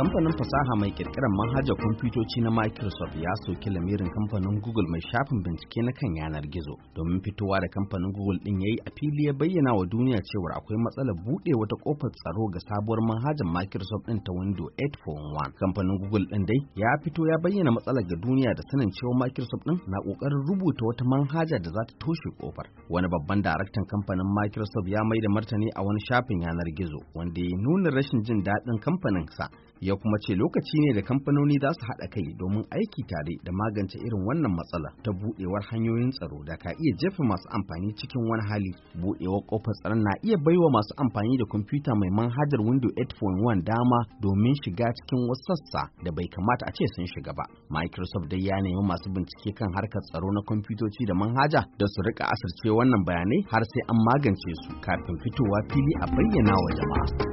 kamfanin fasaha mai kirkirar manhajar kwamfutoci na microsoft ya soki lamirin kamfanin google mai shafin bincike na kan yanar gizo domin fitowa da kamfanin google din yayi a fili ya bayyana wa duniya cewar akwai matsalar buɗe wata kofar tsaro ga sabuwar manhajar microsoft din ta windows 8.1 kamfanin google din dai ya fito ya bayyana matsalar ga duniya da sanin cewa microsoft din na kokarin rubuta wata manhaja da za ta toshe kofar wani babban daraktan kamfanin microsoft ya mai da martani a wani shafin yanar gizo wanda ya nuna rashin jin daɗin kamfanin sa ya kuma ce lokaci ne da kamfanoni za su haɗa kai domin aiki tare da magance irin wannan matsala ta buɗewar hanyoyin tsaro da ka iya jefa masu amfani cikin wani hali buɗewar ƙofar tsaron na iya baiwa masu amfani da kwamfuta mai manhajar windows 8.1 dama domin shiga cikin wasu sassa da bai kamata a ce sun shiga ba microsoft dai ya nemi masu bincike kan harkar tsaro na kwamfutoci da manhaja da su rika asirce wannan bayanai har sai an magance su kafin fitowa fili a bayyana wa jama'a.